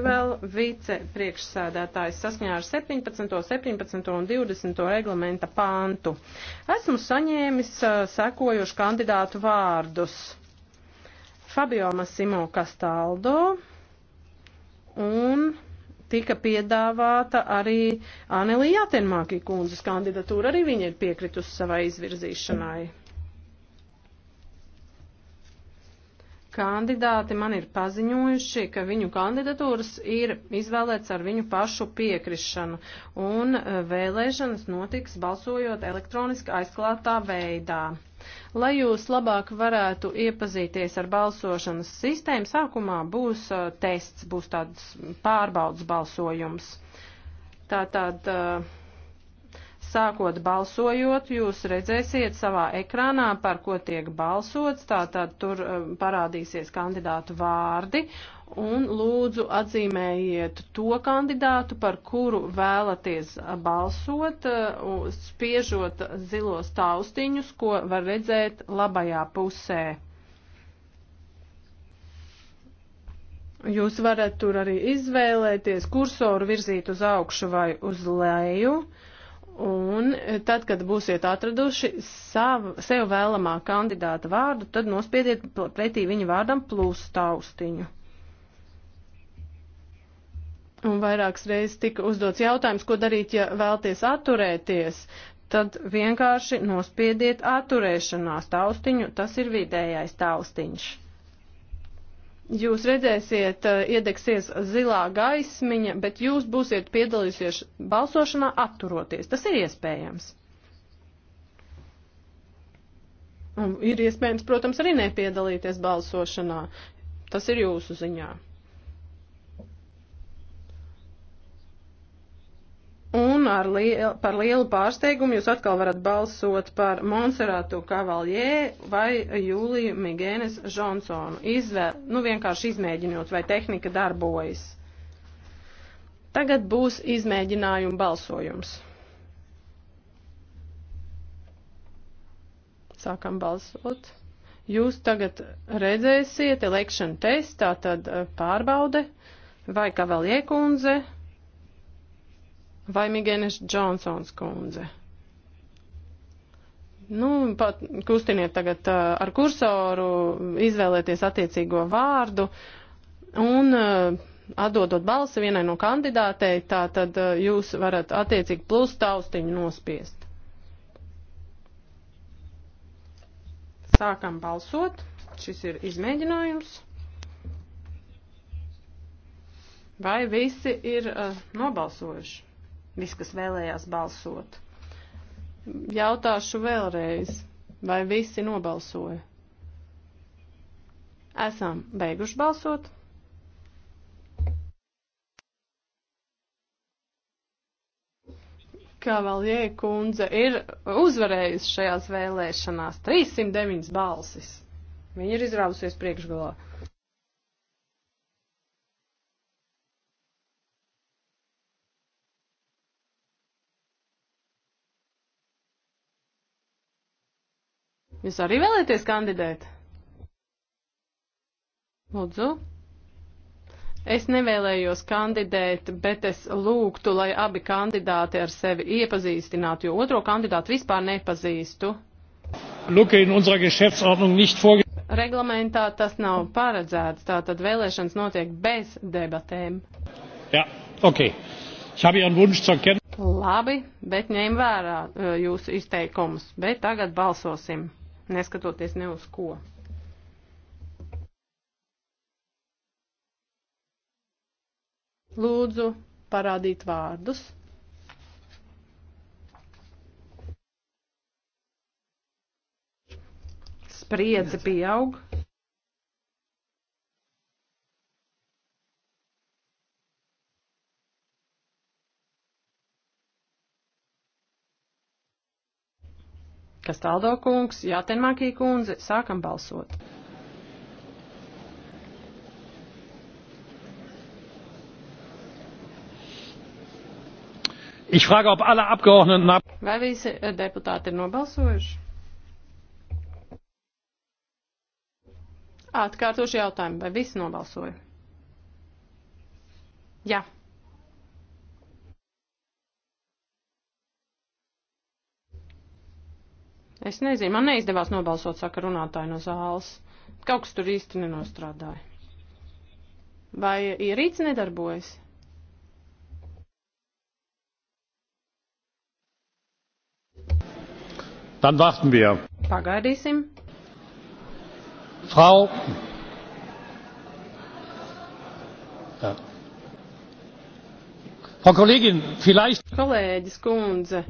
Vēl vicepriekšsēdētājs saskaņā ar 17, 17 un 20 reglamenta pāntu. Esmu saņēmis uh, sekojuši kandidātu vārdus. Fabio Masimo Castaldo un tika piedāvāta arī Anelija Jatenmāki kundzes kandidatūra. Arī viņa ir piekritusi savai izvirzīšanai. Kandidāti man ir paziņojuši, ka viņu kandidatūras ir izvēlēts ar viņu pašu piekrišanu, un e, vēlēšanas notiks balsojot elektroniski aizklātā veidā. Lai jūs labāk varētu iepazīties ar balsošanas sistēmu, sākumā būs uh, tests, būs tāds pārbaudas balsojums. Tātad. Uh, Sākot balsojot, jūs redzēsiet savā ekrānā, par ko tiek balsots, tātad tur um, parādīsies kandidātu vārdi un lūdzu atzīmējiet to kandidātu, par kuru vēlaties balsot, uh, spiežot zilos taustiņus, ko var redzēt labajā pusē. Jūs varat tur arī izvēlēties kursoru virzīt uz augšu vai uz leju. Uh, Un tad, kad būsiet atraduši savu, sev vēlamā kandidāta vārdu, tad nospiediet pretī viņa vārdam plus taustiņu. Un vairākas reizes tika uzdots jautājums, ko darīt, ja vēlties atturēties, tad vienkārši nospiediet atturēšanās taustiņu, tas ir vidējais taustiņš. Jūs redzēsiet, eh, iedegsies zilā gaismiņa, bet jūs būsiet piedalīsies balsošanā atturoties. Tas ir iespējams. Un ir iespējams, protams, arī nepiedalīties balsošanā. Tas ir jūsu ziņā. Un liel, par lielu pārsteigumu jūs atkal varat balsot par Monseratu Kavaljē vai Jūliju Migēnes Džonsonu. Izvēl, nu vienkārši izmēģinot, vai tehnika darbojas. Tagad būs izmēģinājuma balsojums. Sākam balsot. Jūs tagad redzēsiet election test, tātad eh, pārbaude vai Kavaljē kundze vai Migēnes Džonsons kundze. Nu, pat kustiniet tagad uh, ar kursoru, izvēlieties attiecīgo vārdu un uh, atdodot balsi vienai no kandidātei, tā tad uh, jūs varat attiecīgi plus taustiņu nospiest. Sākam balsot. Šis ir izmēģinājums. Vai visi ir uh, nobalsojuši? Viss, kas vēlējās balsot. Jautāšu vēlreiz, vai visi nobalsoja? Esam beiguši balsot. Kavaljē kundze ir uzvarējusi šajās vēlēšanās 309 balsis. Viņa ir izrāvusies priekšgalā. Jūs arī vēlēties kandidēt? Lūdzu. Es nevēlējos kandidēt, bet es lūgtu, lai abi kandidāti ar sevi iepazīstinātu, jo otro kandidātu vispār nepazīstu. Luke in unserer Geschäftsordnung nicht vorge Reglamentā tas nav paredzēts, tātad vēlēšanas notiek bez debatēm. Jā, ja, ok. Ich habe Ihren Wunsch zur Kenntnis. Labi, bet ņem vērā eh, jūsu izteikumus, bet tagad balsosim neskatoties ne uz ko. Lūdzu, parādīt vārdus. Spriedze pieaug. Kastaldo kungs, Jātenmakī kundze, sākam balsot. Ich frage, ob alle Abgeordneten ab Vai visi eh, deputāti ir nobalsojuši? Atkārtošu jautājumu, vai visi nobalsoja? Jā. Ja. Es nezinu, man neizdevās nobalsot, saka runātāji no zāles. Kaut kas tur īsti nenostrādāja. Vai ierīce nedarbojas? Dann warten wir. Pagaidīsim. Frau. Ja. Frau Kollegin, vielleicht. Kolēģis kundze,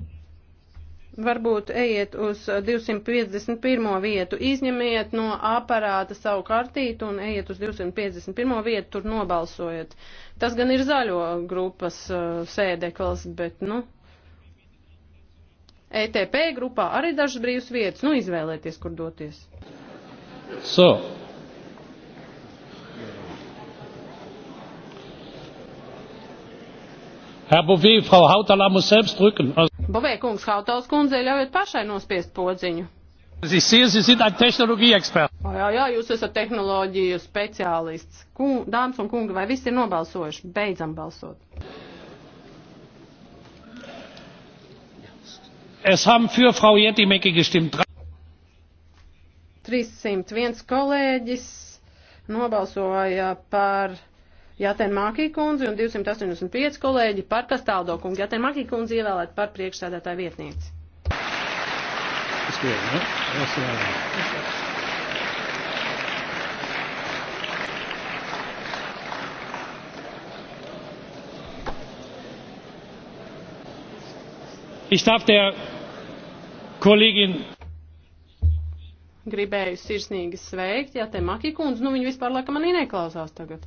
varbūt ejiet uz 251. vietu, izņemiet no aparāta savu kartītu un ejiet uz 251. vietu, tur nobalsojiet. Tas gan ir zaļo grupas uh, sēdeklis, bet, nu, ETP grupā arī dažas brīvas vietas, nu, izvēlēties, kur doties. So, Herr Bovē, Frau Hautala muss selbst drücken. Bovē, kungs, Hautals kundzei ļaujiet pašai nospiest podziņu. Es sehe, Sie sind ein Technologieexperte. Oh, jā, jā, jūs esat tehnoloģiju speciālists. Kung, dāmas un kungi, vai visi ir nobalsojuši? Beidzam balsot. Es haben für Frau Jettimeki gestimmt. 301 kolēģis nobalsoja par Jāten Mākī kundzi un 285 kolēģi par Kastaldo kungu. Jāten Mākī kundzi ievēlēt par priekšsēdētāju vietnieci. Nu, ich darf der Kollegin gribēju sirsnīgi sveikt, ja te Maki kundze, nu viņa vispār laikam manī neklausās tagad.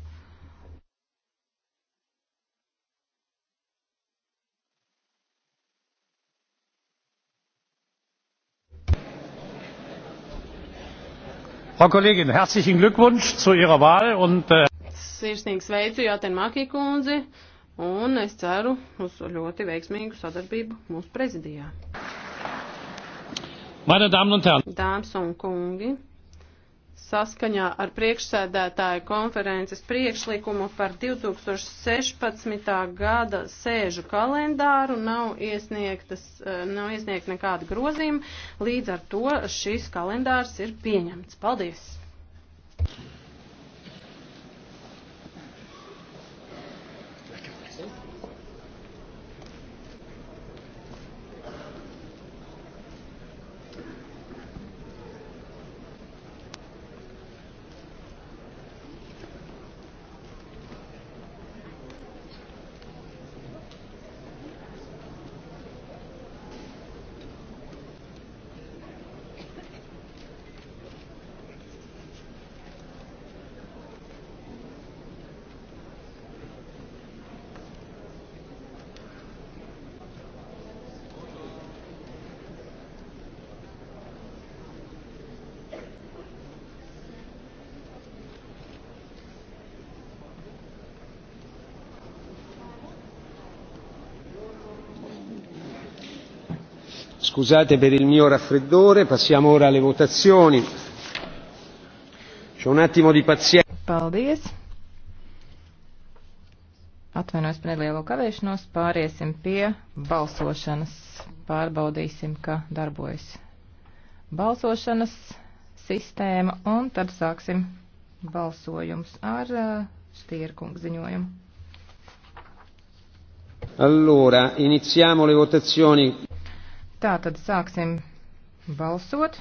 Frau Kollegin, herzlichen Glückwunsch zu Ihrer Wahl und äh... Sirsnīgi sveicu Jātenmaki kundzi un es ceru uz ļoti veiksmīgu sadarbību mūsu prezidijā. Meine Damen und Herren. Dāmas un kungi saskaņā ar priekšsēdētāju konferences priekšlikumu par 2016. gada sēžu kalendāru nav, eh, nav iesniegt nekāda grozījuma, līdz ar to šis kalendārs ir pieņemts. Paldies! Scusate per il mio raffreddore, passiamo ora alle votazioni. C'è un attimo di pazienza. Paldies. Atvainojos par nelielo kavēšanos, pāriesim pie balsošanas. Pārbaudīsim, ka darbojas balsošanas sistēma un tad sāksim balsojums ar Stierkungu uh, ziņojumu. Allora, iniziamo le votazioni. Tā tad sāksim balsot.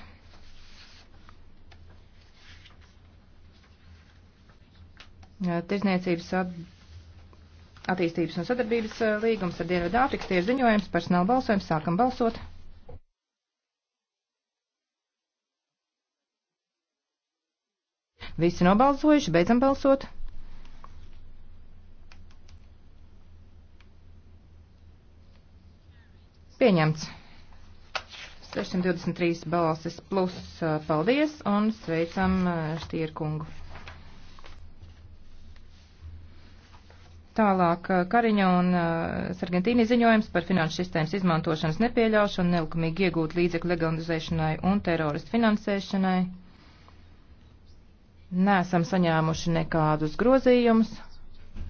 Tirzniecības at, attīstības un sadarbības līgums ar Dienvidu Āfrikas tie ir ziņojums, personāla balsojums, sākam balsot. Visi nobalsojuši, beidzam balsot. Pieņemts. 623 balsis plus paldies un sveicam Štīrkungu. Tālāk Kariņa un Sargentīni ziņojums par finanšu sistēmas izmantošanas nepieļaušanu, nelikumīgi iegūt līdzekļu legalizēšanai un teroristu finansēšanai. Nesam saņēmuši nekādus grozījumus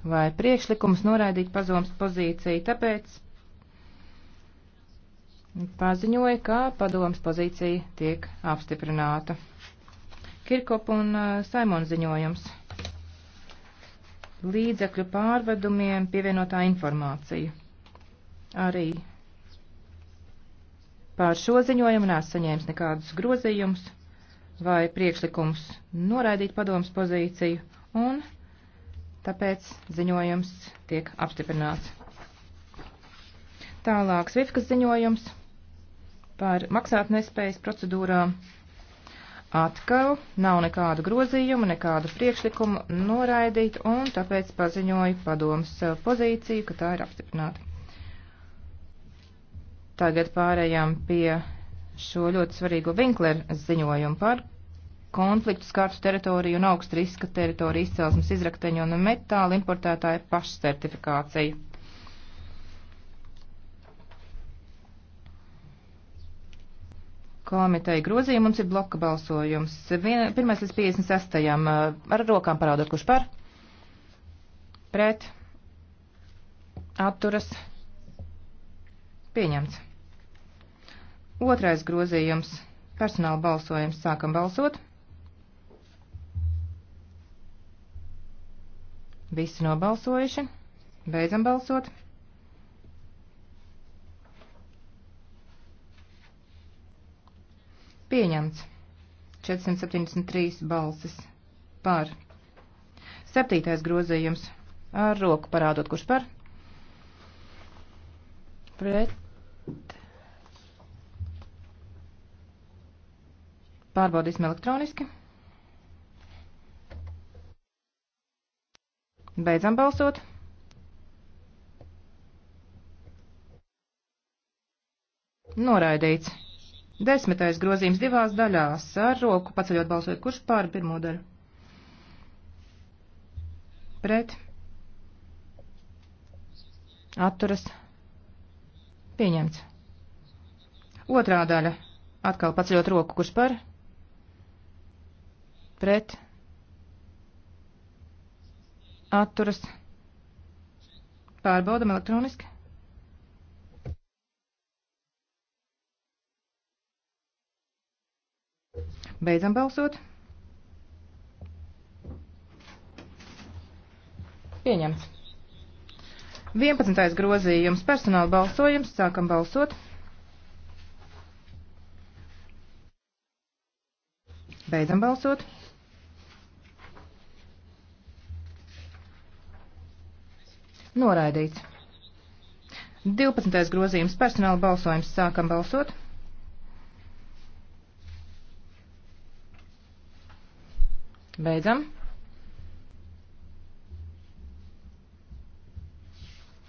vai priekšlikumus noraidīt pazoms pozīciju, tāpēc paziņoja, ka padomas pozīcija tiek apstiprināta. Kirkop un uh, Saimon ziņojums. Līdzekļu pārvedumiem pievienotā informācija. Arī pār šo ziņojumu nēs saņēmis nekādus grozījumus vai priekšlikums noraidīt padomas pozīciju, un tāpēc ziņojums tiek apstiprināts. Tālāk Svifkas ziņojums par maksātnespējas procedūrām. Atkal nav nekādu grozījumu, nekādu priekšlikumu noraidīt, un tāpēc paziņoju padomas pozīciju, ka tā ir apstiprināta. Tagad pārējām pie šo ļoti svarīgo Vinklera ziņojumu par konfliktu skārtu teritoriju un augstu riska teritoriju izcelsmes izrakteņu un metāla importētāja pašsertifikāciju. komiteja grozījumu. Mums ir bloka balsojums. 1. līdz 56. Eh, ar rokām parādot, kurš par. Pret. Atturas. Pieņemts. Otrais grozījums. Personāla balsojums. Sākam balsot. Visi nobalsojuši. Beidzam balsot. Pieņemts. 473 balsis par. Septītais grozījums ar roku parādot, kurš par. Pret. Pārbaudīsim elektroniski. Beidzam balsot. Noraidīts. Desmitais grozījums divās daļās ar roku paceļot balsot, kurš pār pirmo daļu. Pret. Atturas. Pieņemts. Otrā daļa. Atkal paceļot roku, kurš par. Pret. Atturas. Pārbaudam elektroniski. Beidzam balsot. Pieņemts. 11. grozījums personāla balsojums. Sākam balsot. Beidzam balsot. Noraidīts. 12. grozījums personāla balsojums. Sākam balsot. Beidzam.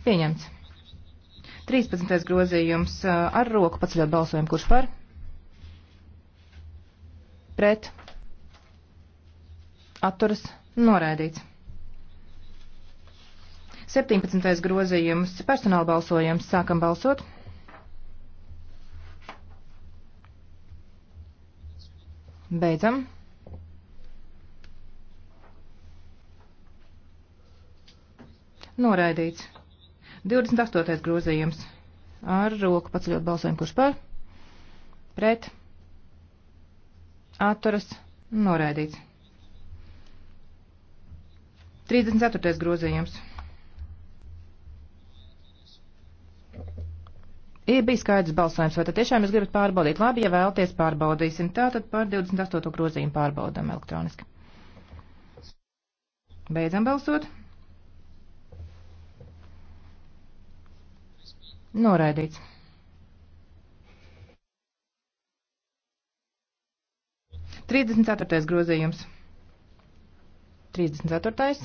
Pieņemts. 13. grozījums ar roku paceļot balsojumu. Kurš par? Pret. Atturas. Noraidīts. 17. grozījums personāla balsojums. Sākam balsot. Beidzam. Noraidīts. 28. grozījums. Ar roku paceļot balsojumu, kurš par? Pret. Atturas. Noraidīts. 34. grozījums. Ir bijis skaidrs balsojums, vai tad tiešām jūs gribat pārbaudīt? Labi, ja vēlaties pārbaudīsim. Tātad par 28. grozījumu pārbaudam elektroniski. Beidzam balsot. Noraidīts. Trīsdesmit ceturtais grozījums. Trīsdesmit ceturtais.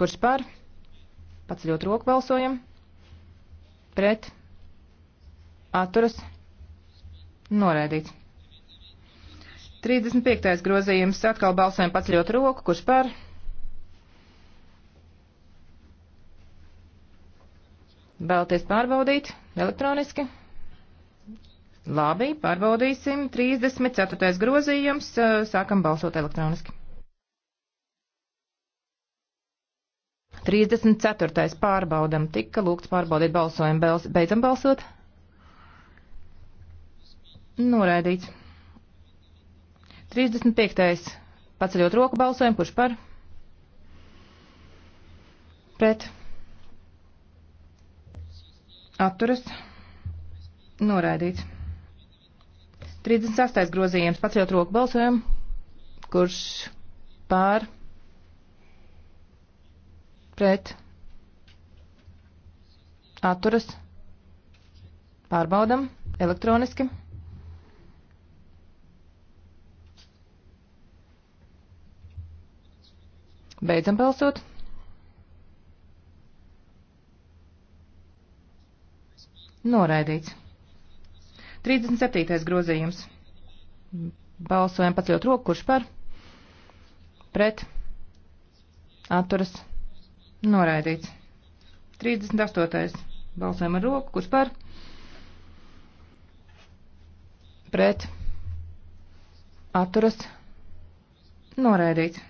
Kurš par? Paceļot roku balsojam. Pret. Atturas. Noraidīts. 35. grozījums atkal balsojam paceļot roku. Kurš par? Vēlaties pārbaudīt elektroniski? Labi, pārbaudīsim. 34. grozījums. Sākam balsot elektroniski. 34. pārbaudam. Tika lūgts pārbaudīt balsojumu. Beidzam balsot. Noraidīts. 35. Paceļot roku balsojumu. Kurš par? Pret. Atturas. Noraidīts. 36. grozījums. Pacelt roku balsojumu. Kurš pār? Pret. Atturas. Pārbaudam. Elektroniski. Beidzam balsot. Noraidīts. 37. grozījums. Balsojam pacelt roku, kurš par? Pret. Atturas. Noraidīts. 38. Balsojam ar roku, kurš par? Pret. Atturas. Noraidīts.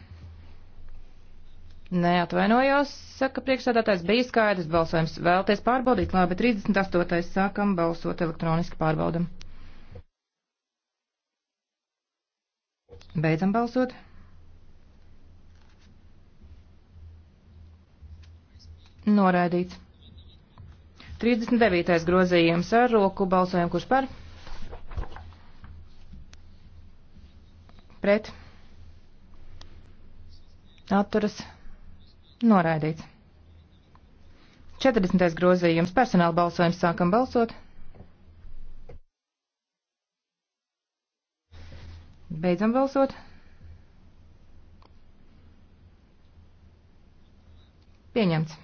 Neatvainojos, saka priekšsēdētājs, bija skaidrs balsojums. Vēlties pārbaudīt, labi, 38. sākam balsot elektroniski pārbaudam. Beidzam balsot. Noraidīts. 39. grozījums ar roku balsojumu, kurš par? Pret. Atturas. Noraidīts. 40. grozījums personāla balsojums sākam balsot. Beidzam balsot. Pieņemts.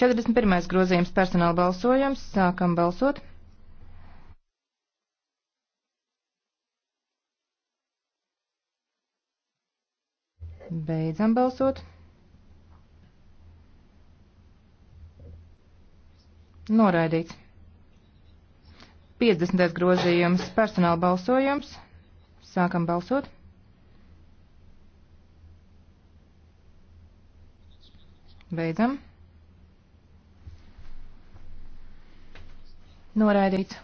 41. grozījums personāla balsojums sākam balsot. Beidzam balsot. Noraidīts. 50. grozījums - personāla balsojums. Sākam balsot. Beidzam. Noraidīts.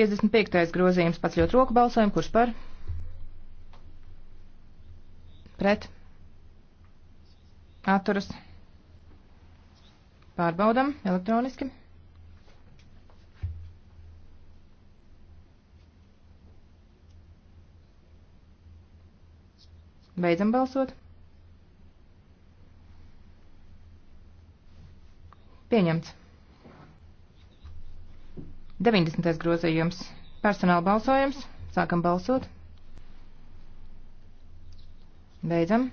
55. grozījums pats ļoti roku balsojumu. Kurš par? Pret. Atturas. Pārbaudam elektroniski. Beidzam balsot. Pieņemts. 90. grozījums. Personāla balsojums. Sākam balsot. Beidzam.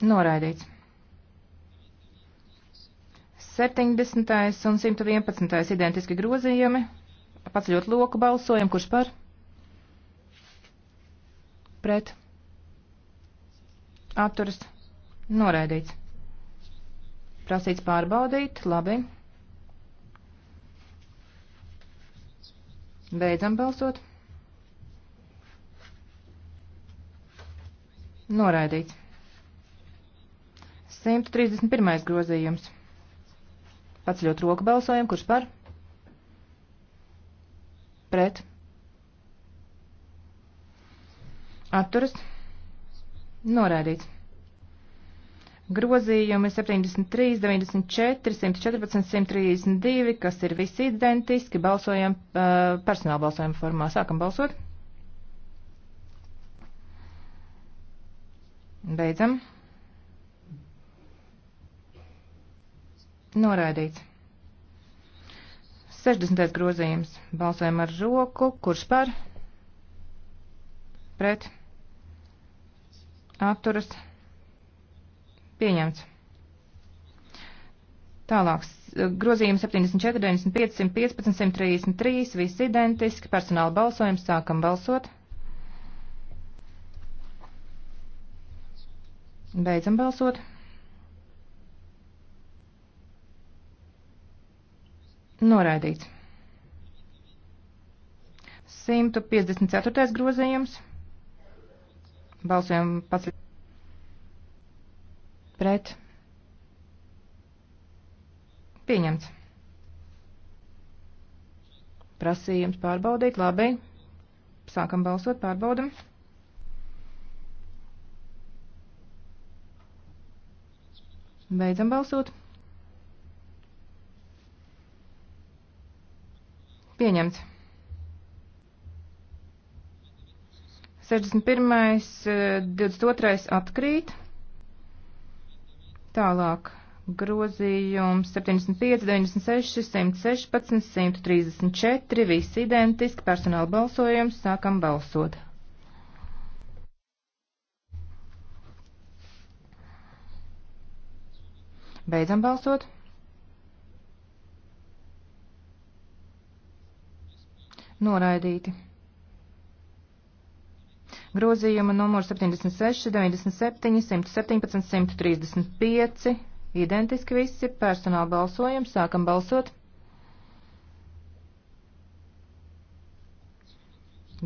Noraidīts. 70. un 111. identiski grozījumi. Paceļot loku balsojam, kurš par? Pret. Atturas. Noraidīts. Prasīts pārbaudīt. Labi. Beidzam balsot. Noraidīts. 131. grozījums. Paceļot roku balsojumu, kurš par? Pret. Atturas. Norādīts. Grozījumi 73, 94, 114, 132, kas ir visi identiski, balsojam uh, personāla balsojuma formā. Sākam balsot. Beidzam. Noraidīts. 60. grozījums. Balsojam ar roku. Kurš par? Pret. Atturas. Pieņemts. Tālāk. Grozījumi 74, 95, 115, 133. Visi identiski. Personāla balsojums. Sākam balsot. Beidzam balsot. Noraidīts. 154. grozījums. Balsojam pats pret. Pieņemts. Prasījums pārbaudīt. Labi. Sākam balsot, pārbaudam. Beidzam balsot. Pieņemts. 61. 22. Eh, atkrīt. Tālāk grozījums 75, 96, 116, 134, visi identiski, personāla balsojums, sākam balsot. Beidzam balsot. noraidīti. Grozījuma numur 76, 97, 117, 135, identiski visi, personāla balsojums, sākam balsot.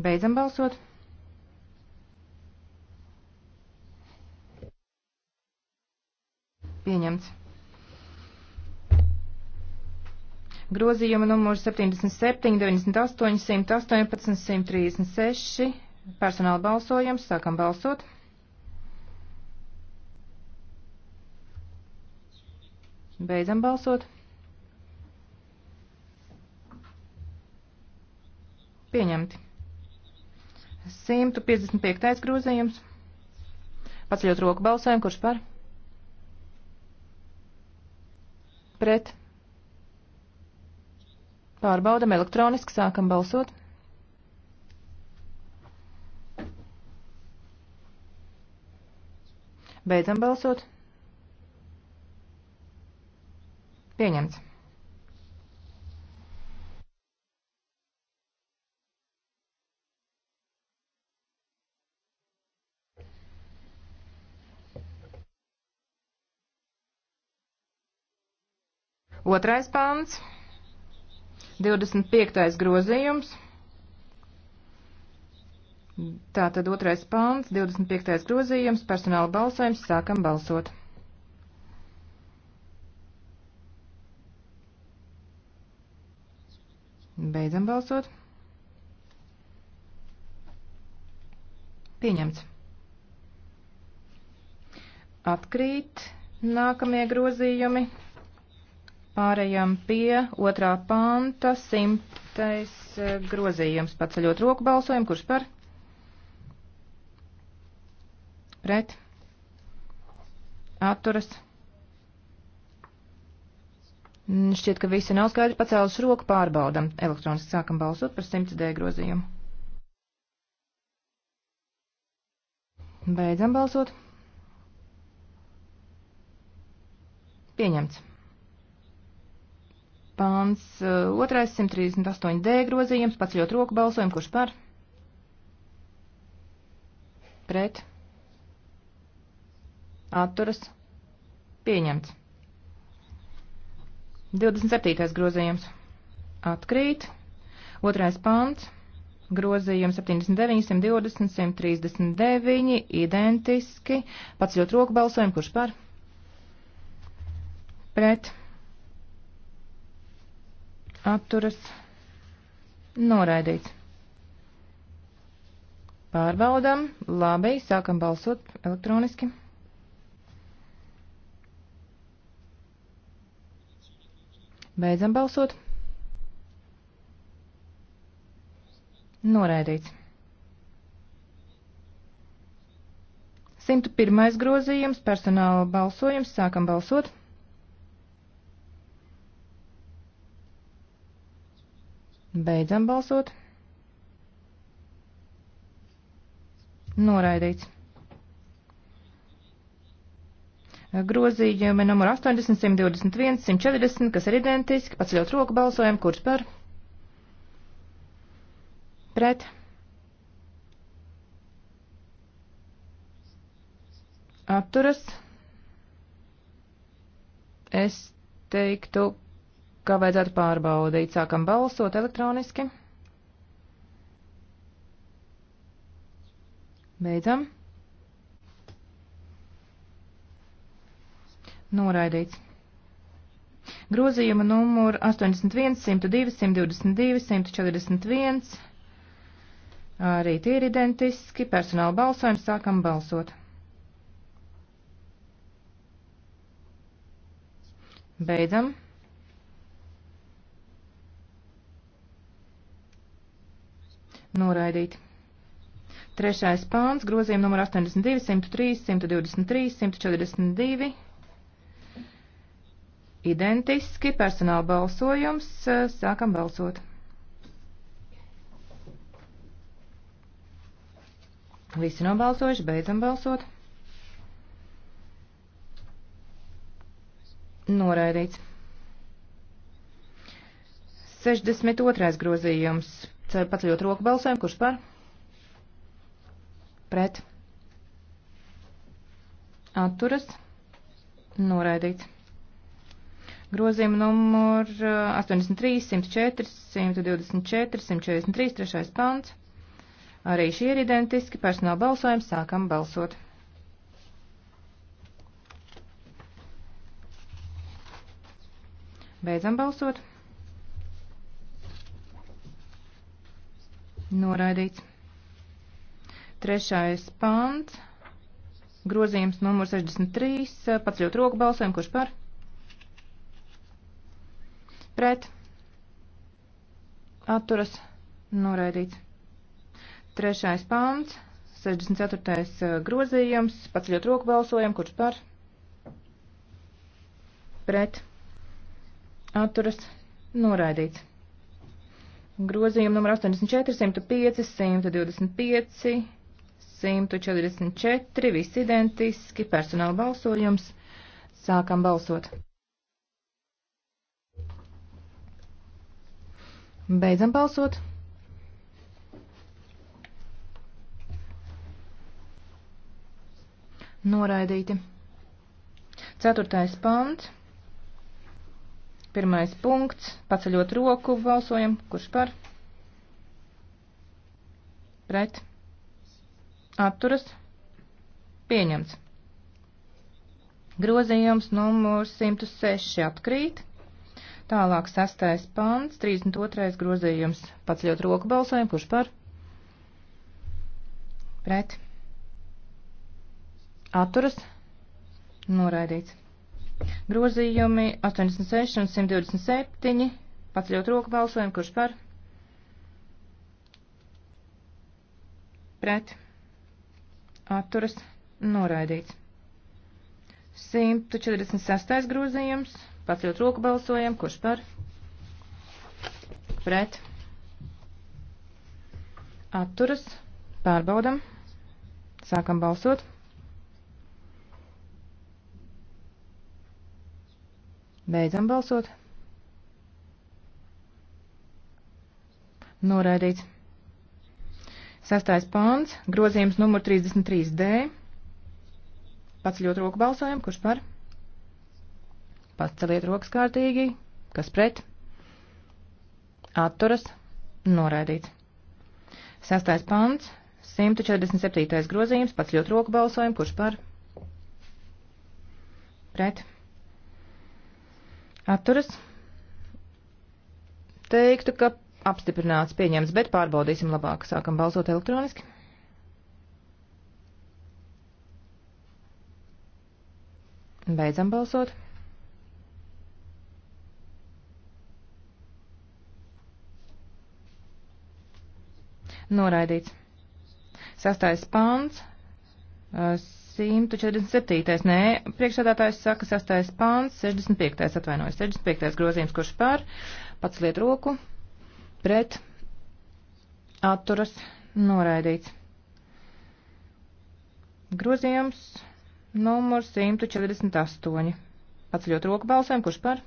Beidzam balsot. Pieņemts. Grozījuma numurs 77, 98, 118, 136. Personāla balsojums. Sākam balsot. Beidzam balsot. Pieņemti. 155. grozījums. Paceļot roku balsojumu. Kurš par? Pret. Pārbaudam elektroniski, sākam balsot. Beidzam balsot. Pieņemts. Otrais pāns. 25. grozījums. Tātad otrais pāns, 25. grozījums, personāla balsojums, sākam balsot. Beidzam balsot. Pieņemts. Atkrīt nākamie grozījumi. Pārējām pie otrā panta simtais eh, grozījums. Paceļot roku balsojumu, kurš par? Pret. Atturas. Šķiet, ka visi nav skaidri pacēluši roku pārbaudam. Elektroniski sākam balsot par 100D grozījumu. Beidzam balsot. Pieņemts. Pāns 238D uh, grozījums, paceļot roku balsojumu, kurš par? Pret. Atturas. Pieņemts. 27. grozījums. Atkrīt. Otrais pants. Grozījums 79, 120, 139. Identiski. Paceļot roku balsojumu, kurš par? Pret atturas noraidīts. Pārbaudam, labi, sākam balsot elektroniski. Beidzam balsot. Noraidīts. 101. grozījums, personāla balsojums, sākam balsot. Beidzam balsot. Noraidīts. Grozījumi numur 80, 121, 140, kas ir identiski, paceļot roku balsojumu, kurš par? Pret. Atturas. Es teiktu kā vajadzētu pārbaudīt. Sākam balsot elektroniski. Beidzam. Noraidīts. Grozījuma numur 81, 102, 122, 141. Arī tie ir identiski. Personāla balsojums sākam balsot. Beidzam. noraidīt. Trešais pāns, grozījuma numur 82, 103, 123, 142. Identiski personāla balsojums. Sākam balsot. Visi nobalsojuši, beidzam balsot. Noraidīts. 62. grozījums teksts eh, paceļot roku balsojumu. Kurš par? Pret. Atturas. Noraidīts. Grozījuma numur 83, 104, 124, 143, 3. pants. Arī šie ir identiski. Personāla balsojums sākam balsot. Beidzam balsot. Noraidīts. Trešais pants. Grozījums numur 63. Paceļot roku balsojumu. Kurš par? Pret. Atturas. Noraidīts. Trešais pants. 64. Eh, grozījums. Paceļot roku balsojumu. Kurš par? Pret. Atturas. Noraidīts. Grozījumi numur 84, 105, 125, 144, visi identiski, personāla balsojums. Sākam balsot. Beidzam balsot. Noraidīti. Ceturtais pants. Pirmais punkts, paceļot roku, balsojam, kurš par, pret, atturas, pieņemts. Grozījums numurs 106 atkrīt. Tālāk sastais pants, 32. grozījums, paceļot roku, balsojam, kurš par, pret, atturas, noraidīts. Grozījumi 86 un 127. Paceļot roku balsojumu, kurš par? Pret. Atturas. Noraidīts. 146. grozījums. Paceļot roku balsojumu, kurš par? Pret. Atturas. Pārbaudam. Sākam balsot. Beidzam balsot. Noraidīts. Sastais pāns, grozījums numur 33D. Paceļot roku balsojumu, kurš par? Paceliet rokas kārtīgi, kas pret? Atturas, noraidīts. Sastais pāns, 147. grozījums, paceļot roku balsojumu, kurš par? Pret? Atturas. Teiktu, ka apstiprināts pieņems, bet pārbaudīsim labāk. Sākam balsot elektroniski. Beidzam balsot. Noraidīts. Sastais pāns. 147. Nē, priekšsēdētājs saka 6. pāns, 65. atvainojas, 65. grozījums, kurš pār, pats liet roku, pret, atturas, noraidīts. Grozījums numurs 148. Pats ļoti roku balsēm, kurš par?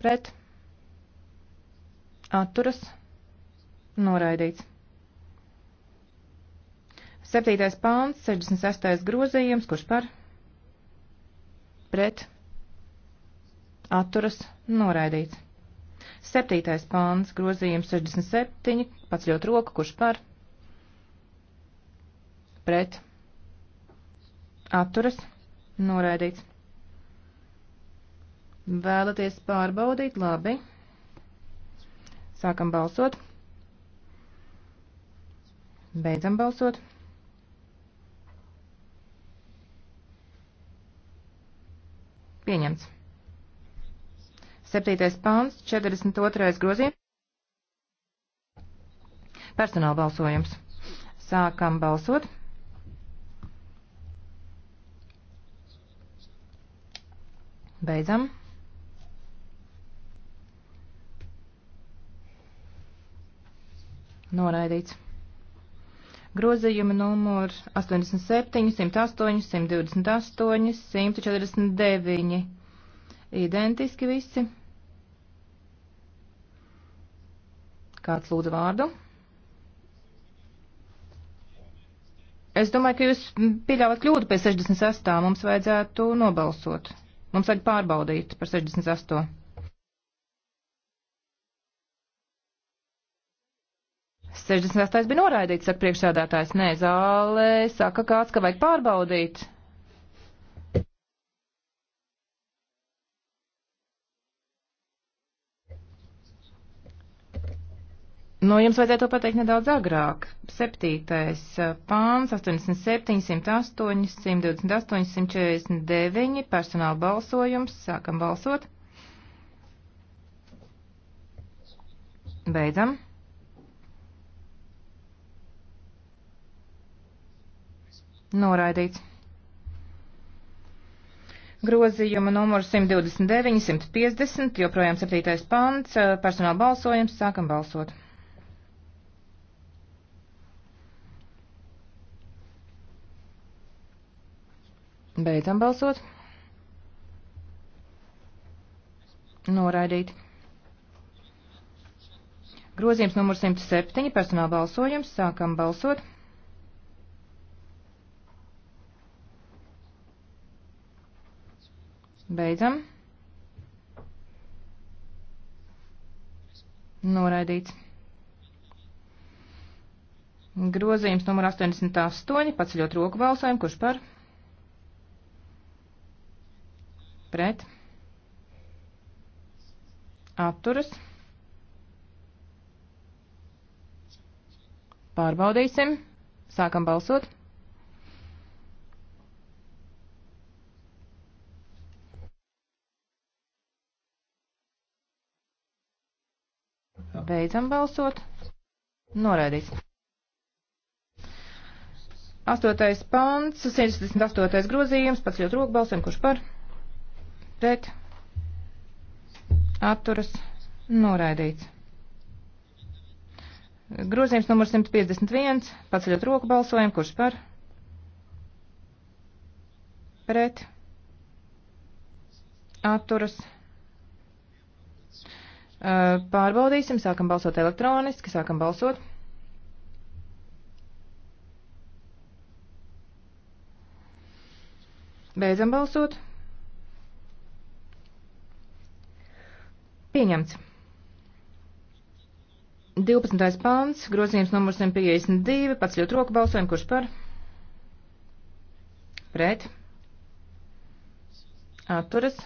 Pret, atturas, noraidīts. Septītais pāns, 68. grozījums, kurš par pret atturas noraidīts. Septītais pāns, grozījums 67, pats ļoti roku, kurš par pret atturas noraidīts. Vēlaties pārbaudīt, labi. Sākam balsot. Beidzam balsot. Pieņemts. 7. pāns, 42. grozījums. Personāla balsojums. Sākam balsot. Beidzam. Noraidīts. Grozījuma numur 87, 108, 128, 149. Identiski visi. Kāds lūdza vārdu? Es domāju, ka jūs pieļāvat kļūdu pie 68. Mums vajadzētu nobalsot. Mums vajag pārbaudīt par 68. 68. bija noraidīts, saka priekšsēdētājs. Nē, zālē saka kāds, ka vajag pārbaudīt. No nu, jums vajadzēja to pateikt nedaudz agrāk. 7. Eh, pāns, 87, 108, 128, 149, personāla balsojums, sākam balsot. Beidzam. Noraidīts. Grozījuma numurs 129, 150, joprojām 7. pants, eh, personāla balsojums, sākam balsot. Beidzam balsot. Noraidīt. Grozījums numurs 107, personāla balsojums, sākam balsot. Beidzam. Noraidīts. Grozījums numur 88, paceļot roku balsojumu, kurš par? Pret. Atturas. Pārbaudīsim. Sākam balsot. Beidzam balsot. Noraidīts. 8. pants, 68. grozījums, pats ļoti roku balsam, kurš par, pret, atturas, noraidīts. Grozījums numur 151, paceļot roku balsojumu, kurš par, pret, atturas, noraidīts Uh, pārbaudīsim, sākam balsot elektroniski, sākam balsot. Beidzam balsot. Pieņemts. 12. pāns, grozījums numurs 152, pats ļoti roku balsojumu, kurš par? Pret. Atturas.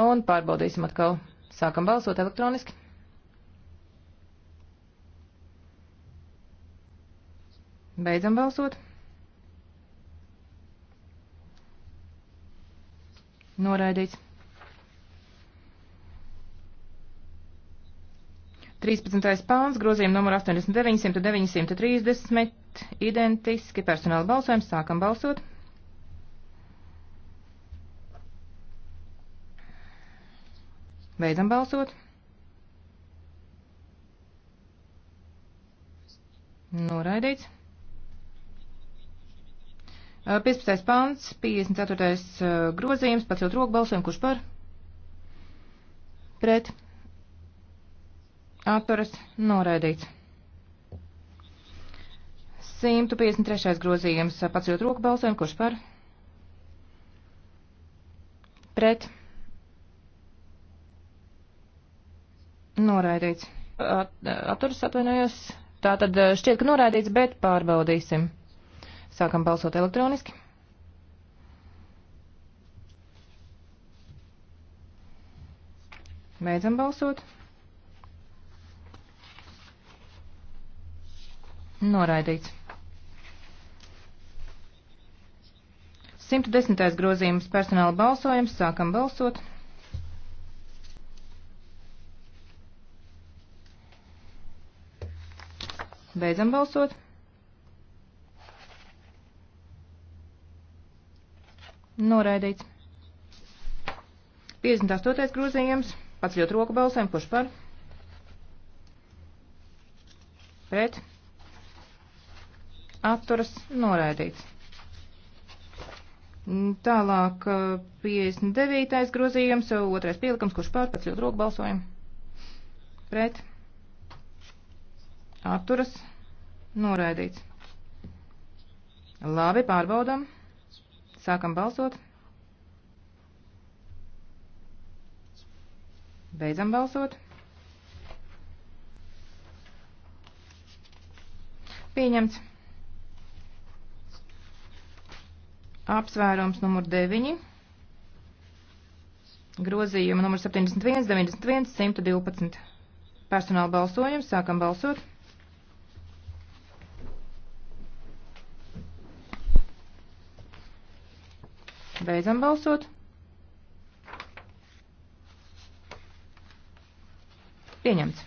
Un pārbaudīsim atkal. Sākam balsot elektroniski. Beidzam balsot. Noraidīts. 13. pāns, grozījuma numur 89, 109, 130, identiski personāla balsojums, sākam balsot. Beidzam balsot. Noraidīts. 15. pants, 54. grozījums, pacelt roku balsojumu, kurš par? Pret. Atturas noraidīts. 153. grozījums, pacelt roku balsojumu, kurš par? Pret. Noraidīts. At, atturas atvainojos. Tā tad eh, šķiet, ka noraidīts, bet pārbaudīsim. Sākam balsot elektroniski. Beidzam balsot. Noraidīts. 110. grozījums personāla balsojums. Sākam balsot. Beidzam balsot. Noraidīts. 58. grozījums. Paceļot roku balsēm, kurš par? Pret. Atturas noraidīts. Tālāk 59. Uh, grozījums, uh, otrais pielikums, kurš pār, paceļot roku balsojumu. Pret. Atturas Noraidīts. Labi, pārbaudam. Sākam balsot. Beidzam balsot. Pieņemts. Apsvērums numur 9. Grozījuma numur 71, 91, 112. Personāla balsojums. Sākam balsot. Beidzam balsot. Pieņemts.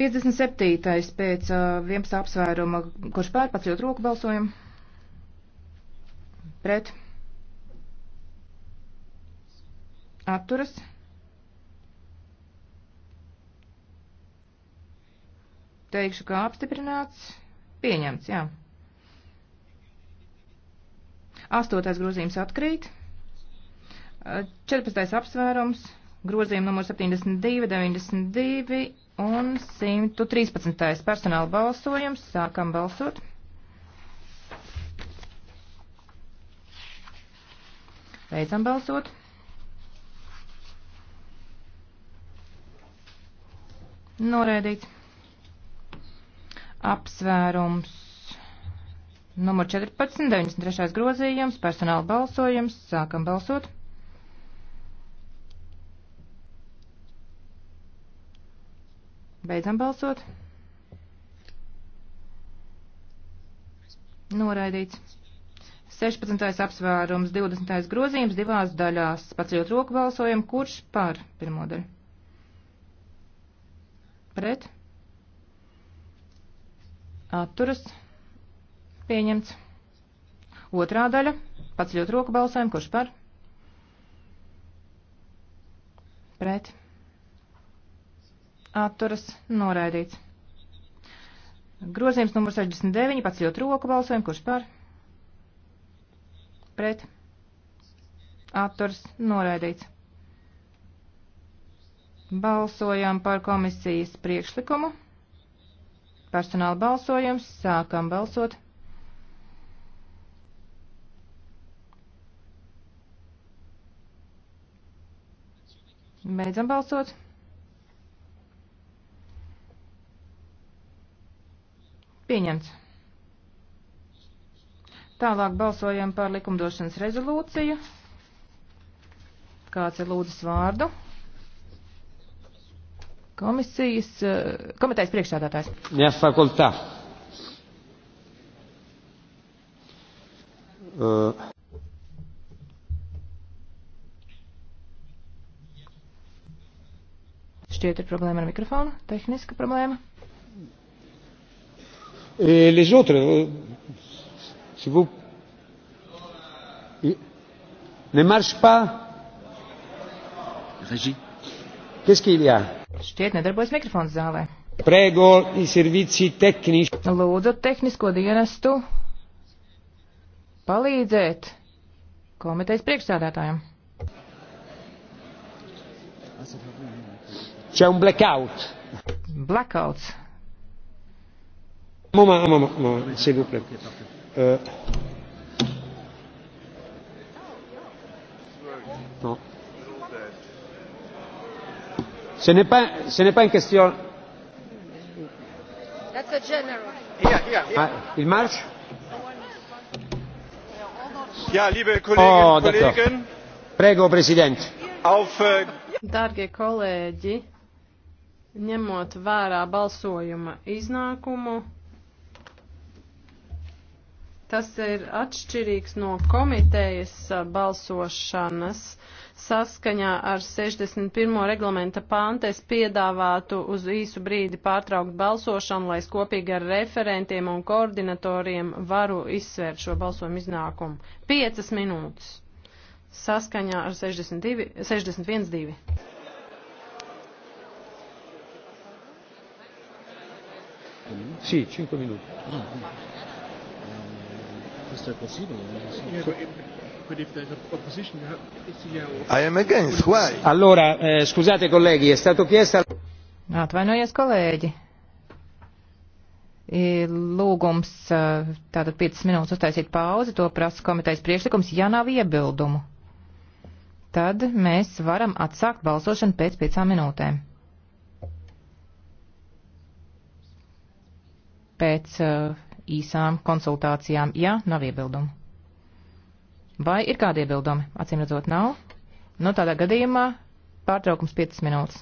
57. pēc uh, 11. apsvēruma, kurš pār pacelt roku balsojumu? Pret. Atturas. Teikšu, kā apstiprināts. Pieņemts, jā. Astotais grozījums atkrīt. 14. apsvērums, grozījumi numur 72, 92 un 113. personāla balsojums. Sākam balsot. Beidzam balsot. Norēdīts. Apsvērums Numur 14, 93. grozījums, personāla balsojums, sākam balsot. Beidzam balsot. Noraidīts. 16. apsvērums, 20. grozījums divās daļās. Paceļot roku balsojam, kurš par pirmo daļu? Pret? Atturas? Pieņemts. Otrā daļa. Pats ļoti roku balsēm. Kurš par? Pret. Atturas. Noraidīts. Grozījums numur 69. Pats ļoti roku balsēm. Kurš par? Pret. Atturas. Noraidīts. Balsojām par komisijas priekšlikumu. Personāla balsojums. Sākam balsot. Beidzam balsot. Pieņemts. Tālāk balsojam par likumdošanas rezolūciju. Kāds ir lūdzis vārdu? Komisijas, eh, komitejas priekšstādātājs. Jā, fakultā. Uh. Šķiet, ir problēma ar mikrofonu, tehniska problēma. E, les autres, euh, si vous ne marche pas. Régie. Qu'est-ce qu'il y a? Šķiet, nedarbojas mikrofons zālē. Prego i servizi tehnici. Lūdzu tehnisko dienestu palīdzēt komitejas priekšsādātājiem. C'è un blackout. Blackouts. Moment, moment, moment, s'il vous plaît. Euh, non. Ce n'est pas, ce n'est pas une question. That's a general. Here, here, here. Ah, il marche? Ja, liebe Kolleginnen oh, und Kollegen. Prego, Presidente. Auf. Äh... Dargie kolēģi ņemot vērā balsojuma iznākumu, tas ir atšķirīgs no komitejas balsošanas. Saskaņā ar 61. reglamenta pāntu es piedāvātu uz īsu brīdi pārtraukt balsošanu, lai es kopīgi ar referentiem un koordinatoriem varu izsvērt šo balsojumu iznākumu. Piecas minūtes. Saskaņā ar 62, 61.2. 5 minuti? Sì, 5 minuti. Ah, ah, eh, questo è possibile? Allora, eh, scusate colleghi, è stato chiesto... Atvainojies, kolēģi. Lūgums eh, tātad 5 minūtes uztaisīt pauzi, to prasa komitejas priekšlikums, ja nav iebildumu. Tad mēs varam atsākt balsošanu pēc 5 minūtēm. pēc eh, īsām konsultācijām, ja nav iebildumu. Vai ir kādi iebildumi? Acīm redzot, nav. Nu, no tādā gadījumā pārtraukums 5 minūtes.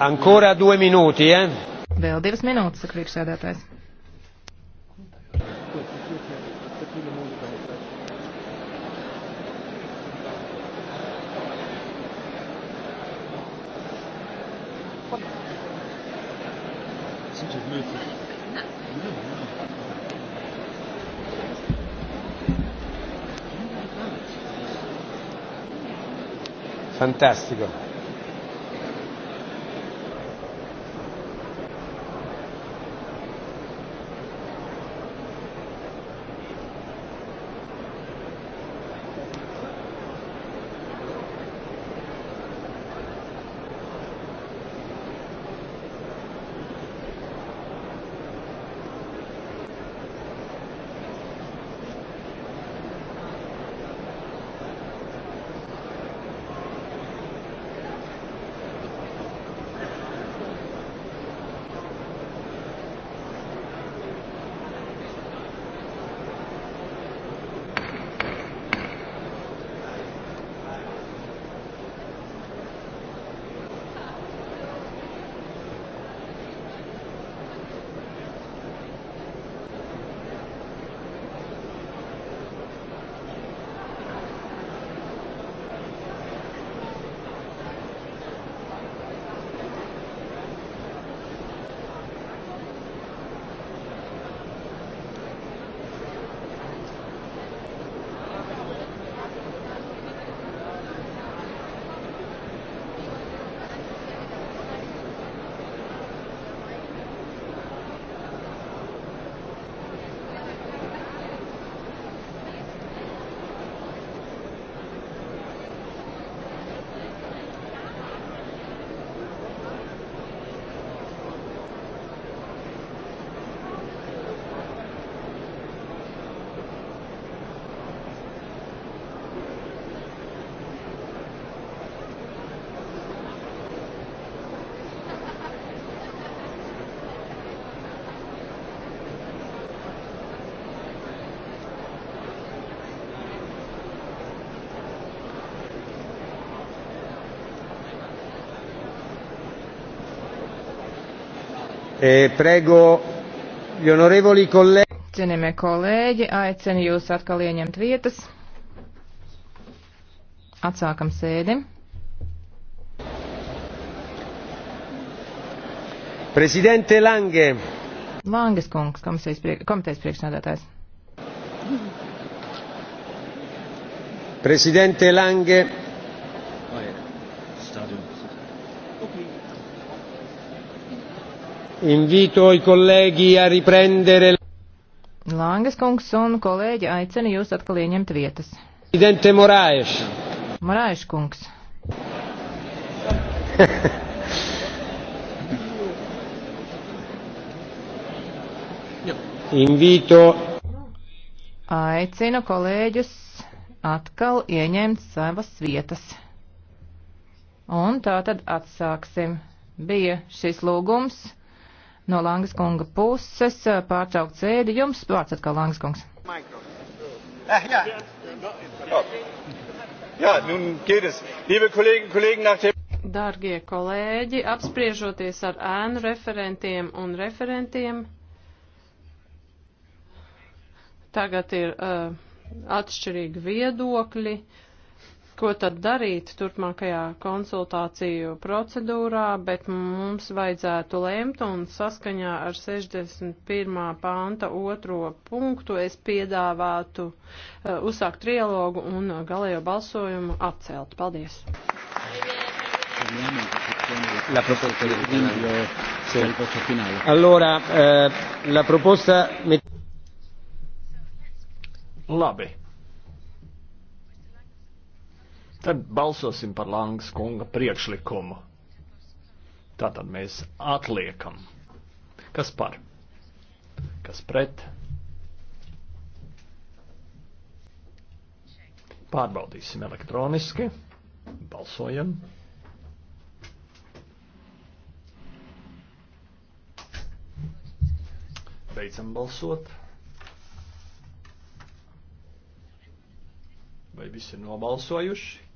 Ancora due minūti, eh? Vēl divas minūtes, saka priekšsēdētājs. Fantastico. E, prego, onorevoli kolēģi. Cienījamie kolēģi, aicinu jūs atkal ieņemt vietas. Atsākam sēdi. Prezidente Lange. Langes kungs, komisijas priek komitejas priekšnādātājs. Prezidente Lange. Invito i colleghi a riprendere. Langas kungs un kolēģi aicina jūs atkal ieņemt vietas. Presidente Moraes. Moraes kungs. Invito. Aicinu kolēģus atkal ieņemt savas vietas. Un tā tad atsāksim. Bija šis lūgums no Langas kunga puses eh, pārtraukt sēdi. Jums vārds atkal Langas kungs. Jā, eh, jā, nun geht es. Liebe Kollegen, Kollegen, nach dem. Dārgie kolēģi, apspriežoties ar ēnu referentiem un referentiem, tagad ir uh, atšķirīgi viedokļi. Uh, ko tad darīt turpmākajā konsultāciju procedūrā, bet mums vajadzētu lēmt un saskaņā ar 61. panta otro punktu es piedāvātu uh, uzsākt trialogu un galējo balsojumu atcelt. Paldies! La proposta del Quirinale, sì. il voto finale. Allora, eh, la proposta... Labi. Tad balsosim par Langas kunga priekšlikumu. Tātad mēs atliekam. Kas par? Kas pret? Pārbaudīsim elektroniski. Balsojam. Beidzam balsot. Vai visi ir nobalsojuši?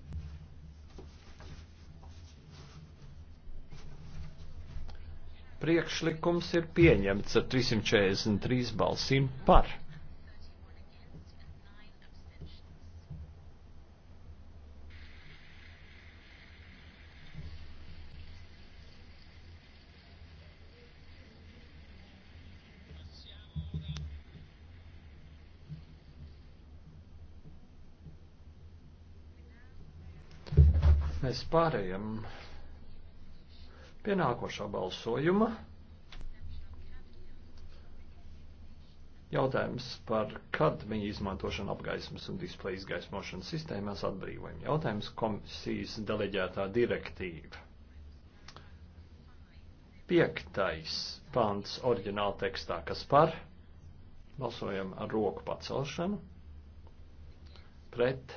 Priekšlikums ir pieņemts ar 343 balsīm par. Mēs pārējām Pie nākošā balsojuma jautājums par kadmiņa izmantošanu apgaismas un displeja izgaismošanas sistēmās atbrīvojumu. Jautājums komisijas deleģētā direktīva. Piektais pants oriģināla tekstā, kas par balsojam ar roku pacelšanu pret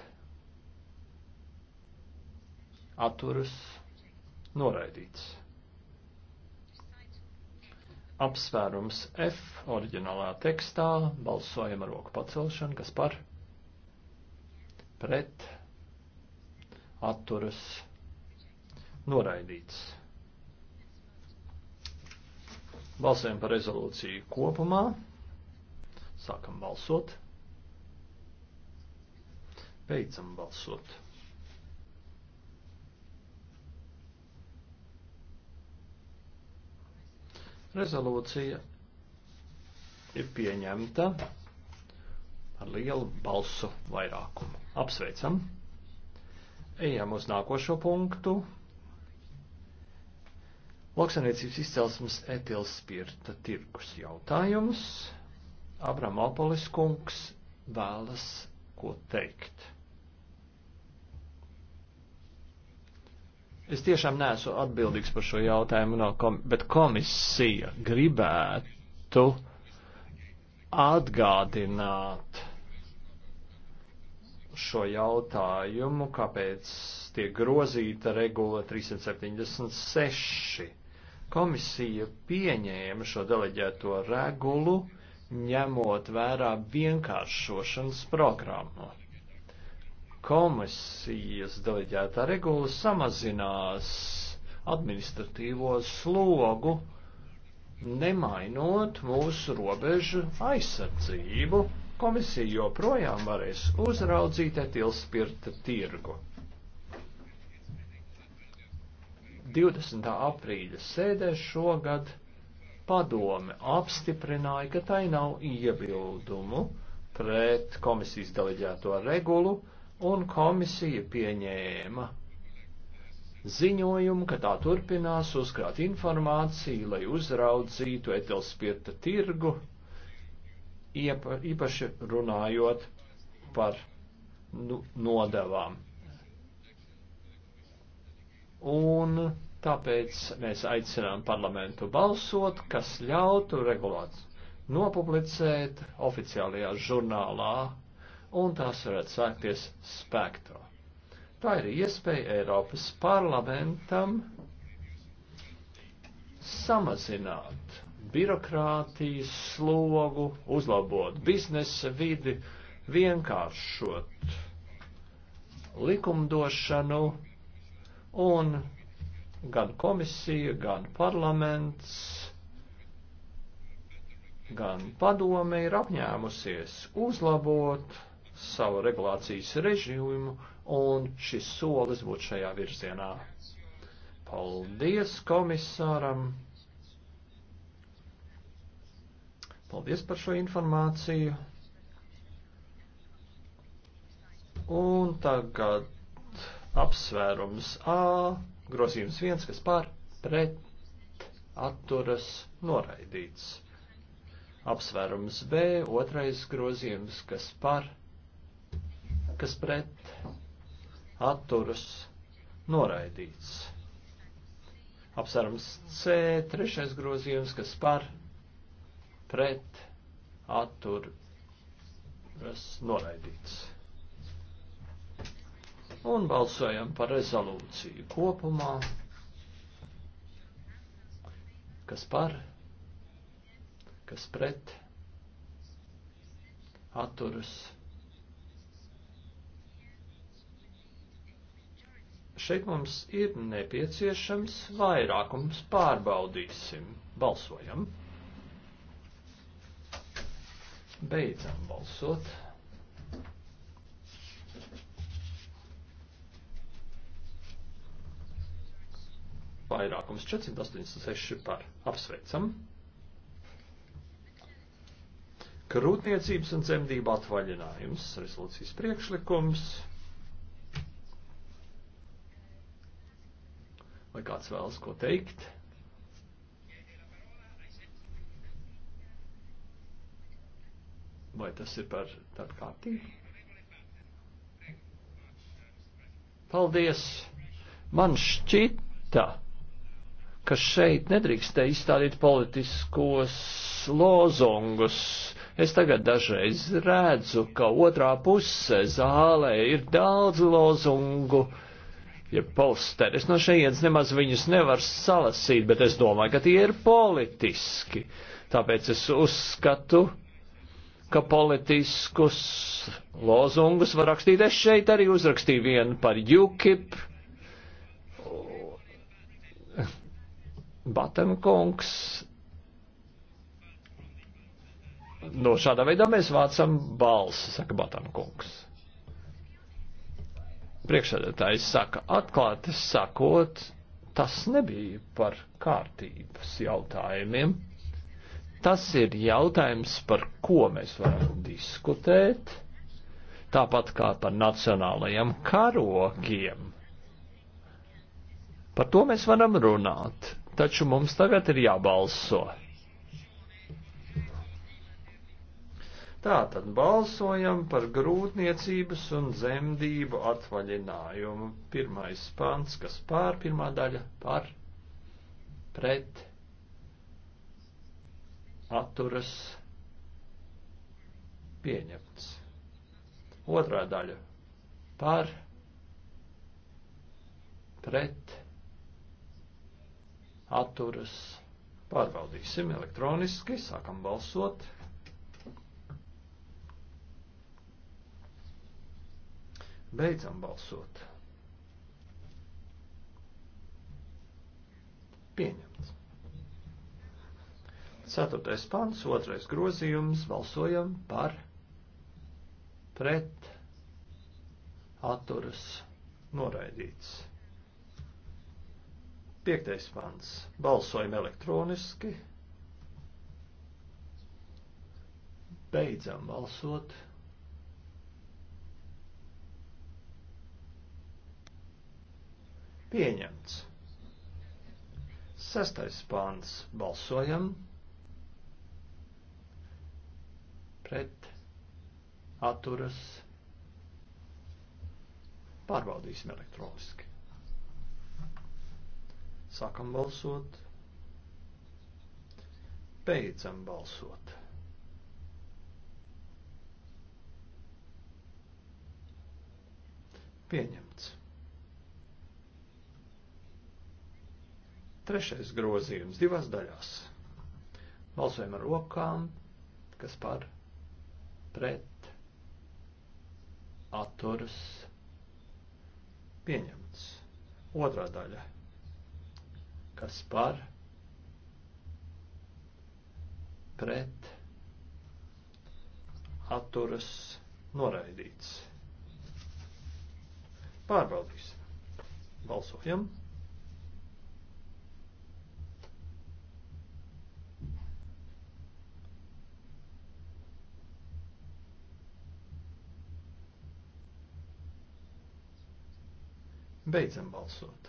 atturus noraidīts. Apsvērums F oriģinālā tekstā balsojam ar roku pacelšanu, kas par pret atturas noraidīts. Balsojam par rezolūciju kopumā. Sākam balsot. Beidzam balsot. Rezolūcija ir pieņemta ar lielu balsu vairākumu. Apsveicam! Ejam uz nākošo punktu. Lauksaimniecības izcelsmes etilspirta tirgus jautājums. Abram Alpolis kungs vēlas ko teikt. Es tiešām neesmu atbildīgs par šo jautājumu, no kom bet komisija gribētu atgādināt šo jautājumu, kāpēc tiek grozīta regula 376. Komisija pieņēma šo deleģēto regulu, ņemot vērā vienkāršošanas programmu komisijas deleģētā regula samazinās administratīvo slogu, nemainot mūsu robežu aizsardzību. Komisija joprojām varēs uzraudzīt etilspirta tirgu. 20. aprīļa sēdē šogad padome apstiprināja, ka tai nav iebildumu pret komisijas deleģēto regulu, un komisija pieņēma ziņojumu, ka tā turpinās uzkrāt informāciju, lai uzraudzītu etilspirta tirgu, iepa, īpaši runājot par nu, nodevām. Un tāpēc mēs aicinām parlamentu balsot, kas ļautu regulāts nopublicēt oficiālajā žurnālā un tās varētu sākties spēktā. Tā ir iespēja Eiropas parlamentam samazināt birokrātijas slogu, uzlabot biznesa vidi, vienkāršot likumdošanu un gan komisija, gan parlaments, gan padome ir apņēmusies uzlabot savu regulācijas režīmu, un šis solis būtu šajā virzienā. Paldies komisāram! Paldies par šo informāciju! Un tagad apsvērums A, grozījums 1, kas pār pret atturas noraidīts. Apsvērums B, otrais grozījums, kas par pret kas pret atturas noraidīts. Apsarams C, trešais grozījums, kas par pret atturas noraidīts. Un balsojam par rezolūciju kopumā, kas par, kas pret atturas noraidīts Šeit mums ir nepieciešams vairākums. Pārbaudīsim. Balsojam. Beidzam balsot. Vairākums 486 par. Apsveicam. Krūtniecības un dzemdību atvaļinājums. Rezolūcijas priekšlikums. Vai kāds vēlas ko teikt? Vai tas ir par tādu kārtību? Paldies! Man šķita, ka šeit nedrīkstē izstādīt politiskos lozungus. Es tagad dažreiz redzu, ka otrā puse zālē ir daudz lozungu jeb polsteris. No šejienes nemaz viņus nevar salasīt, bet es domāju, ka tie ir politiski. Tāpēc es uzskatu, ka politiskus lozungus var rakstīt. Es šeit arī uzrakstīju vienu par UKIP. Batemkungs. No šādā veidā mēs vācam balsi, saka Batemkungs. Priekšsēdētājs saka, atklāti sakot, tas nebija par kārtības jautājumiem. Tas ir jautājums, par ko mēs varam diskutēt, tāpat kā par nacionālajiem karogiem. Par to mēs varam runāt, taču mums tagad ir jābalso. Tātad balsojam par grūtniecības un dzemdību atvaļinājumu. Pirmais pants, kas pār, pirmā daļa par, pret, atturas, pieņemts. Otrā daļa par, pret, atturas, pārbaudīsim elektroniski, sākam balsot. Beidzam balsot. Pieņemts. Ceturtais pants, otrais grozījums, balsojam par pret atturas noraidīts. Piektais pants, balsojam elektroniski, beidzam balsot. Pieņemts. Sestais pāns. Balsojam. Pret. Atturas. Pārbaudīsim elektroniski. Sākam balsot. Beidzam balsot. Pieņemts. Trešais grozījums divās daļās. Balsojam ar rokām, kas par pret atturas pieņemts. Otrā daļa, kas par pret atturas noraidīts. Pārbaudīsim. Balsojam. Beidzam balsot.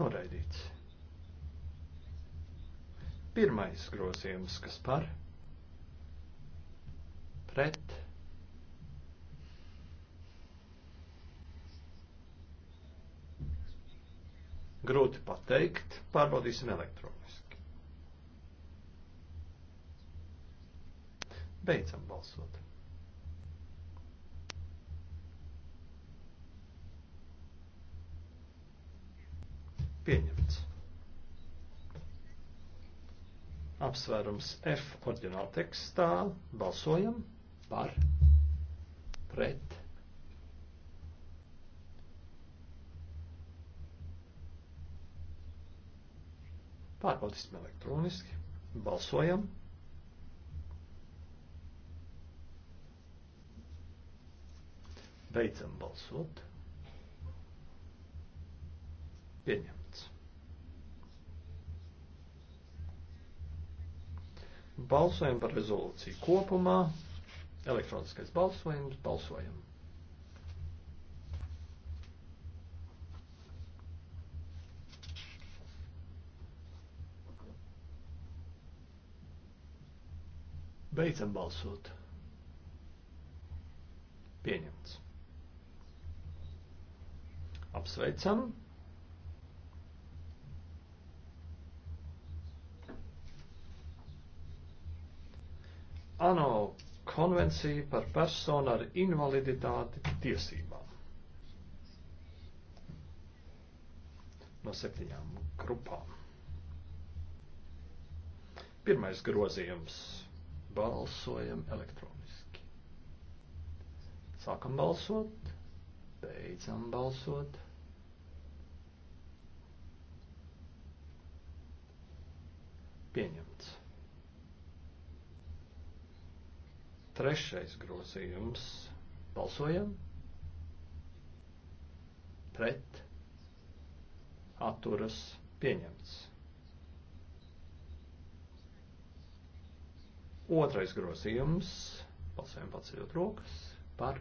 Noraidīts. Pirmais grozījums, kas par, pret, grūti pateikt, pārbaudīsim elektroniski. Beidzam balsot. Pieņemts. Apsvērums F orģināla tekstā. Balsojam par pret. Pārbaudīsim elektroniski. Balsojam. Beidzam balsot. Pieņem. Balsojam par rezolūciju kopumā. Elektroniskais balsojums. Balsojam. Beidzam balsot. Pieņemts. Apsveicam. ANO konvencija par personu ar invaliditāti tiesībām. No septiņām grupām. Pirmais grozījums. Balsojam elektroniski. Sākam balsot, beidzam balsot. Pieņemts. Trešais grozījums. Balsojam. Pret. Atturas pieņemts. Otrais grozījums, balsojam paceļot rokas, par,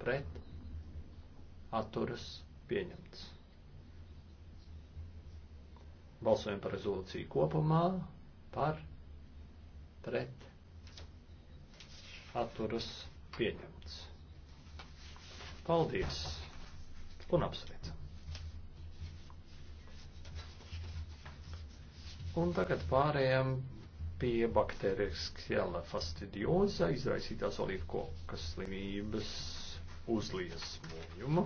pret, atturas, pieņemts. Balsojam par rezolūciju kopumā, par, pret, atturas pieņemts. Paldies un apsveicam. Un tagad pārējām pie bakteriskajā fastidioza izraisītās olīvkokas slimības uzliesmojuma,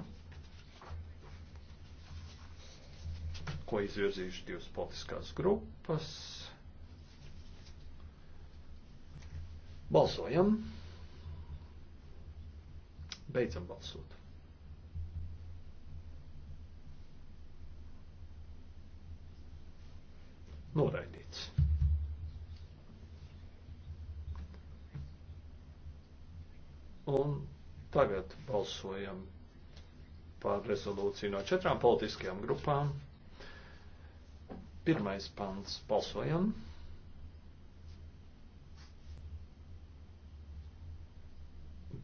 ko izvirzījuši divas politiskās grupas. Balsojam! Beidzam balsot. Noraidīts. Un tagad balsojam par rezolūciju no četrām politiskajām grupām. Pirmais pants balsojam.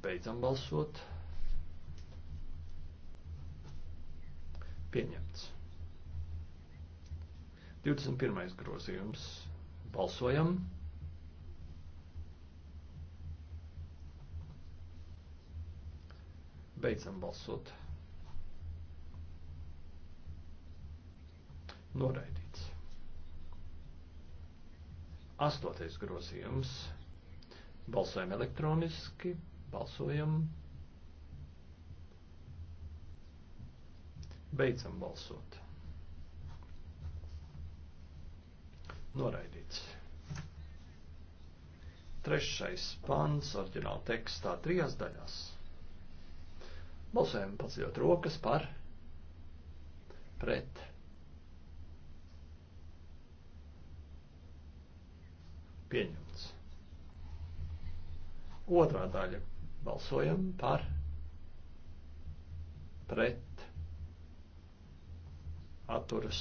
Beidzam balsot. Pieņemts. 21. grozījums. Balsojam. Beidzam balsot. Noraidīts. Astotais grozījums. Balsojam elektroniski. Balsojam. Beidzam balsot. Noraidīts. Trešais pants orģināla tekstā trijās daļās. Balsojam paceļot rokas par pret. Pieņemts. Otrā daļa. Balsojam par pret atturas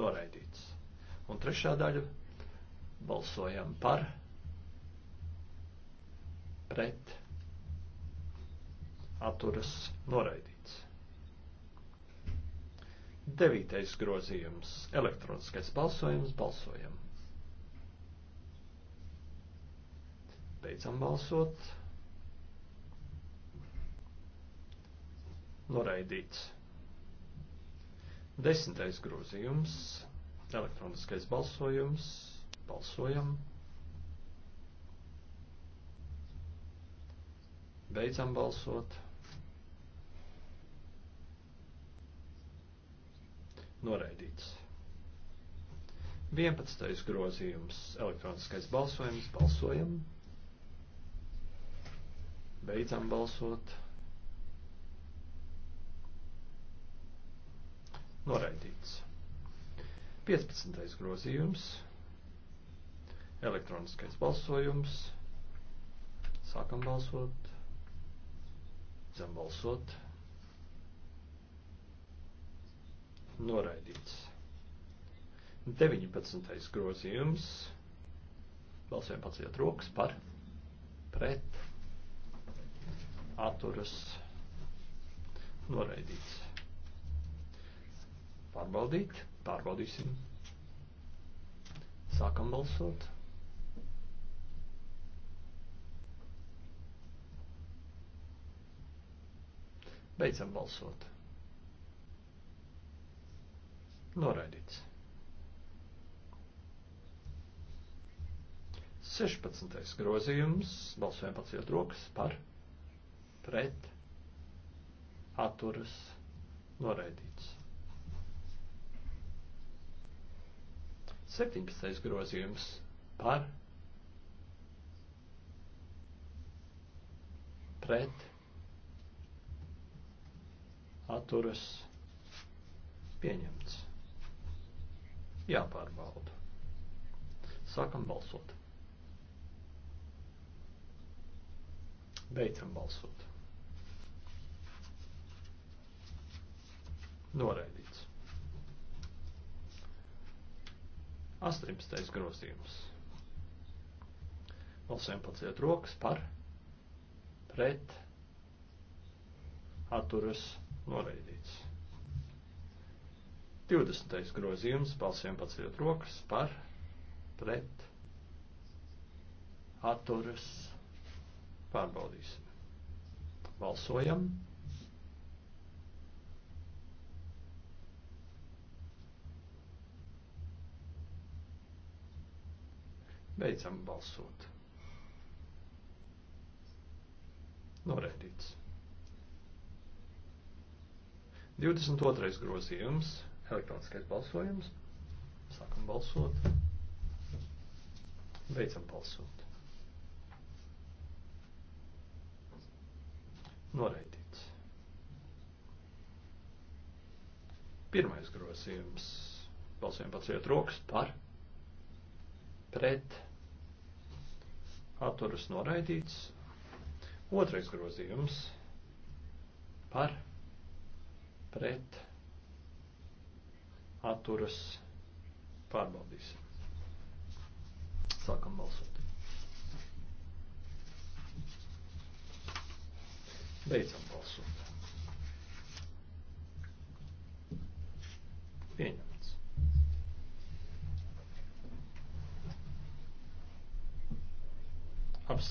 noraidīts. Un trešā daļa balsojam par, pret, atturas noraidīts. Devītais grozījums - elektroniskais balsojums, balsojam. Beidzam balsot. Noraidīts. Desmitais grozījums, elektroniskais balsojums, balsojam. Beidzam balsot. Noraidīts. 11. grozījums, elektroniskais balsojums, balsojam. Beidzam balsot. Noraidīts. 15. grozījums. Elektroniskais balsojums. Sākam balsot. Zem balsot. Noraidīts. 19. grozījums. Balsojam paciet rokas par pret atturas noraidīts pārbaudīt. Pārbaudīsim. Sākam balsot. Beidzam balsot. Noraidīts. 16. grozījums. Balsojam paciet rokas par, pret, atturas, noraidīts. 17. grozījums par pret atturas pieņemts. Jāpārbauda. Sākam balsot. Beidzam balsot. Noraidīt. 18. grozījums. Balsēm paciet rokas par, pret, atturas, noraidīts. 20. grozījums. Balsēm paciet rokas par, pret, atturas, pārbaudīsim. Balsojam. Beidzam balsot. Noraidīts. 22. grozījums, elektroniskais balsojums. Sākam balsot. Beidzam balsot. Noraidīts. Pirmais grozījums. Balsojam pacējot rokas par pret atturas noraidīts. Otrais grozījums par pret atturas pārbaudīsim. Sākam balsot. Beidzam balsot. Pieņem.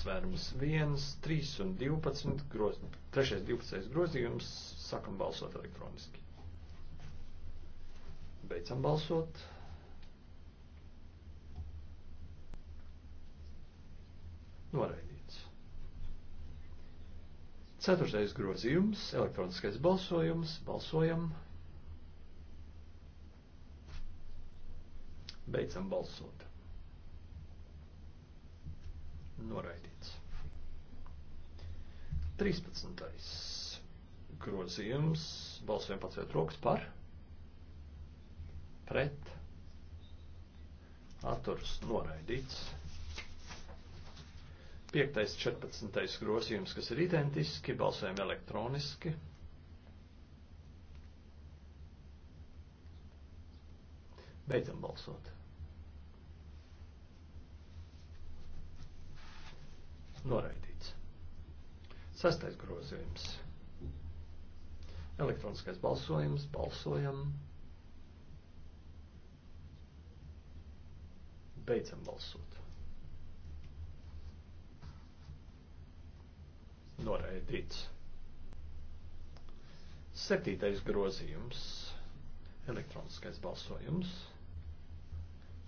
apsvērums 1, 3 un 12, groz, 3, 12 grozījums, sakam balsot elektroniski. Beidzam balsot. Noraidīts. Ceturtais grozījums, elektroniskais balsojums, balsojam. Beidzam balsot noraidīts. 13. grozījums balsojam pacēt rokas par pret atturs noraidīts. 5. 14. grozījums, kas ir identiski, balsojam elektroniski. Beidzam balsot. Noraidīts. Sastais grozījums. Elektroniskais balsojums. Balsojam. Beidzam balsot. Noraidīts. Septītais grozījums. Elektroniskais balsojums.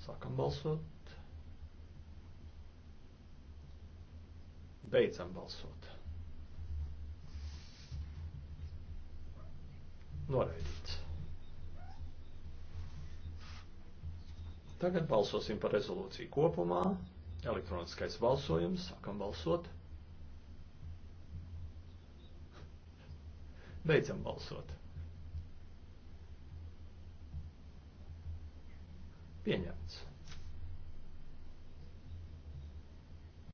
Sākam balsot. Beidzam balsot. Noraidīts. Tagad balsosim par rezolūciju kopumā. Elektroniskais balsojums. Sākam balsot. Beidzam balsot. Pieņemts.